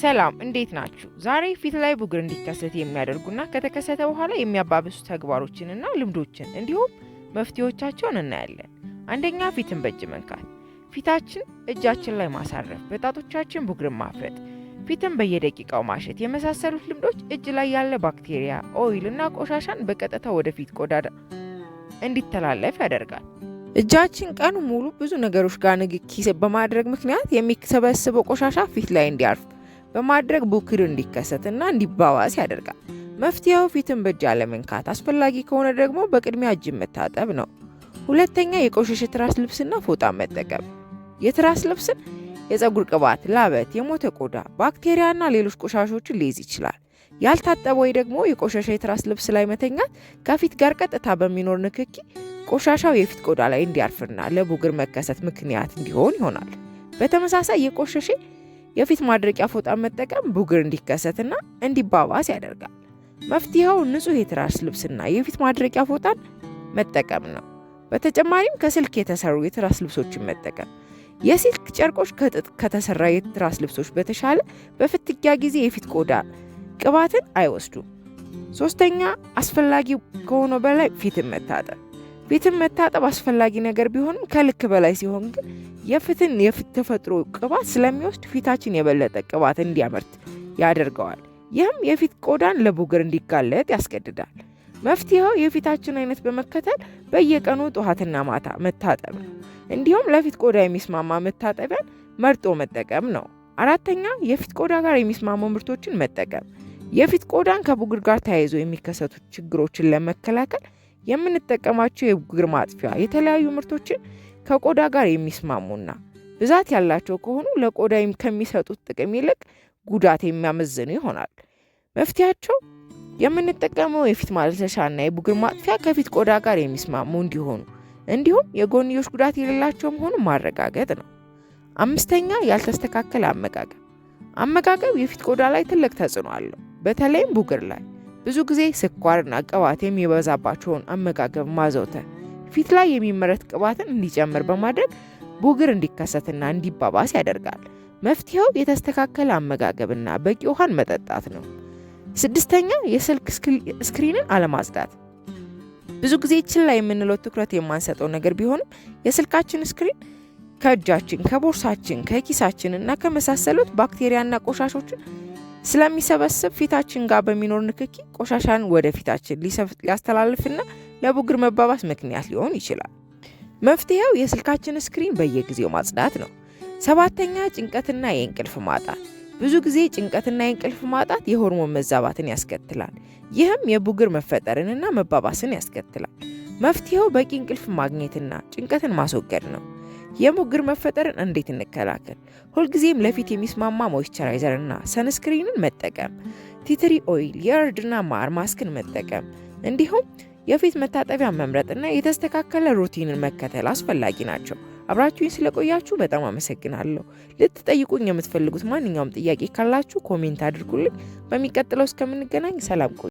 ሰላም እንዴት ናችሁ? ዛሬ ፊት ላይ ቡግር እንዲከሰት የሚያደርጉና ከተከሰተ በኋላ የሚያባብሱ ተግባሮችንና ልምዶችን እንዲሁም መፍትሄዎቻቸውን እናያለን። አንደኛ ፊትን በእጅ መንካት፣ ፊታችን እጃችን ላይ ማሳረፍ፣ በጣቶቻችን ቡግርን ማፍረጥ፣ ፊትን በየደቂቃው ማሸት የመሳሰሉት ልምዶች እጅ ላይ ያለ ባክቴሪያ፣ ኦይል እና ቆሻሻን በቀጥታ ወደ ፊት ቆዳ እንዲተላለፍ ያደርጋል። እጃችን ቀኑ ሙሉ ብዙ ነገሮች ጋር ንግኪ በማድረግ ምክንያት የሚሰበስበው ቆሻሻ ፊት ላይ እንዲያርፍ በማድረግ ቡክር እንዲከሰትና እንዲባባስ ያደርጋል። መፍትሄው ፊትን በእጅ አለመንካት፣ አስፈላጊ ከሆነ ደግሞ በቅድሚያ እጅ መታጠብ ነው። ሁለተኛ የቆሸሸ ትራስ ልብስና ፎጣ መጠቀም። የትራስ ልብስን የፀጉር ቅባት፣ ላበት፣ የሞተ ቆዳ፣ ባክቴሪያና ሌሎች ቆሻሾችን ሊይዝ ይችላል። ያልታጠበ ወይ ደግሞ የቆሸሸ የትራስ ልብስ ላይ መተኛት ከፊት ጋር ቀጥታ በሚኖር ንክኪ ቆሻሻው የፊት ቆዳ ላይ እንዲያርፍና ለቡግር መከሰት ምክንያት እንዲሆን ይሆናል። በተመሳሳይ የቆሸሸ የፊት ማድረቂያ ፎጣ መጠቀም ብጉር እንዲከሰትና እንዲባባስ ያደርጋል። መፍትሄው ንጹህ የትራስ ልብስና የፊት ማድረቂያ ፎጣን መጠቀም ነው። በተጨማሪም ከስልክ የተሰሩ የትራስ ልብሶችን መጠቀም። የሲልክ ጨርቆች ከጥጥ ከተሰራ የትራስ ልብሶች በተሻለ በፍትጊያ ጊዜ የፊት ቆዳ ቅባትን አይወስዱም። ሶስተኛ አስፈላጊ ከሆነ በላይ ፊትን መታጠብ። ፊትን መታጠብ አስፈላጊ ነገር ቢሆንም ከልክ በላይ ሲሆን ግን የፍትን የፍት ተፈጥሮ ቅባት ስለሚወስድ ፊታችን የበለጠ ቅባት እንዲያመርት ያደርገዋል። ይህም የፊት ቆዳን ለቡግር እንዲጋለጥ ያስገድዳል። መፍትሄው የፊታችን አይነት በመከተል በየቀኑ ጠዋትና ማታ መታጠብ ነው። እንዲሁም ለፊት ቆዳ የሚስማማ መታጠቢያን መርጦ መጠቀም ነው። አራተኛ የፊት ቆዳ ጋር የሚስማሙ ምርቶችን መጠቀም። የፊት ቆዳን ከቡግር ጋር ተያይዞ የሚከሰቱ ችግሮችን ለመከላከል የምንጠቀማቸው የቡግር ማጥፊያ የተለያዩ ምርቶችን ከቆዳ ጋር የሚስማሙና ብዛት ያላቸው ከሆኑ ለቆዳ ከሚሰጡት ጥቅም ይልቅ ጉዳት የሚያመዝኑ ይሆናል። መፍትያቸው የምንጠቀመው የፊት ማለስለሻና የቡግር ማጥፊያ ከፊት ቆዳ ጋር የሚስማሙ እንዲሆኑ እንዲሁም የጎንዮሽ ጉዳት የሌላቸው መሆኑ ማረጋገጥ ነው። አምስተኛ ያልተስተካከለ አመጋገብ። አመጋገብ የፊት ቆዳ ላይ ትልቅ ተጽዕኖ አለው። በተለይም ቡግር ላይ ብዙ ጊዜ ስኳርና ቅባት የሚበዛባቸውን አመጋገብ ማዘውተር ፊት ላይ የሚመረት ቅባትን እንዲጨምር በማድረግ ቡግር እንዲከሰትና እንዲባባስ ያደርጋል። መፍትሄው የተስተካከለ አመጋገብና በቂ ውሃን መጠጣት ነው። ስድስተኛ የስልክ ስክሪንን አለማጽዳት። ብዙ ጊዜ ችላ የምንለው ትኩረት የማንሰጠው ነገር ቢሆንም የስልካችን ስክሪን ከእጃችን፣ ከቦርሳችን፣ ከኪሳችን እና ከመሳሰሉት ባክቴሪያና ቆሻሾችን ስለሚሰበስብ ፊታችን ጋር በሚኖር ንክኪ ቆሻሻን ወደ ፊታችን ሊያስተላልፍና ለቡግር መባባስ ምክንያት ሊሆን ይችላል። መፍትሄው የስልካችን ስክሪን በየጊዜው ማጽዳት ነው። ሰባተኛ ጭንቀትና የእንቅልፍ ማጣት። ብዙ ጊዜ ጭንቀትና የእንቅልፍ ማጣት የሆርሞን መዛባትን ያስከትላል። ይህም የቡግር መፈጠርንና መባባስን ያስከትላል። መፍትሄው በቂ እንቅልፍ ማግኘትና ጭንቀትን ማስወገድ ነው። የቡግር መፈጠርን እንዴት እንከላከል? ሁልጊዜም ለፊት የሚስማማ ሞይስቸራይዘርና ሰንስክሪንን መጠቀም፣ ቲትሪ ኦይል፣ የእርድና ማር ማስክን መጠቀም እንዲሁም የፊት መታጠቢያ መምረጥና የተስተካከለ ሩቲንን መከተል አስፈላጊ ናቸው። አብራችሁኝ ስለቆያችሁ በጣም አመሰግናለሁ። ልትጠይቁኝ የምትፈልጉት ማንኛውም ጥያቄ ካላችሁ ኮሜንት አድርጉልኝ። በሚቀጥለው እስከምንገናኝ ሰላም ቆዩ።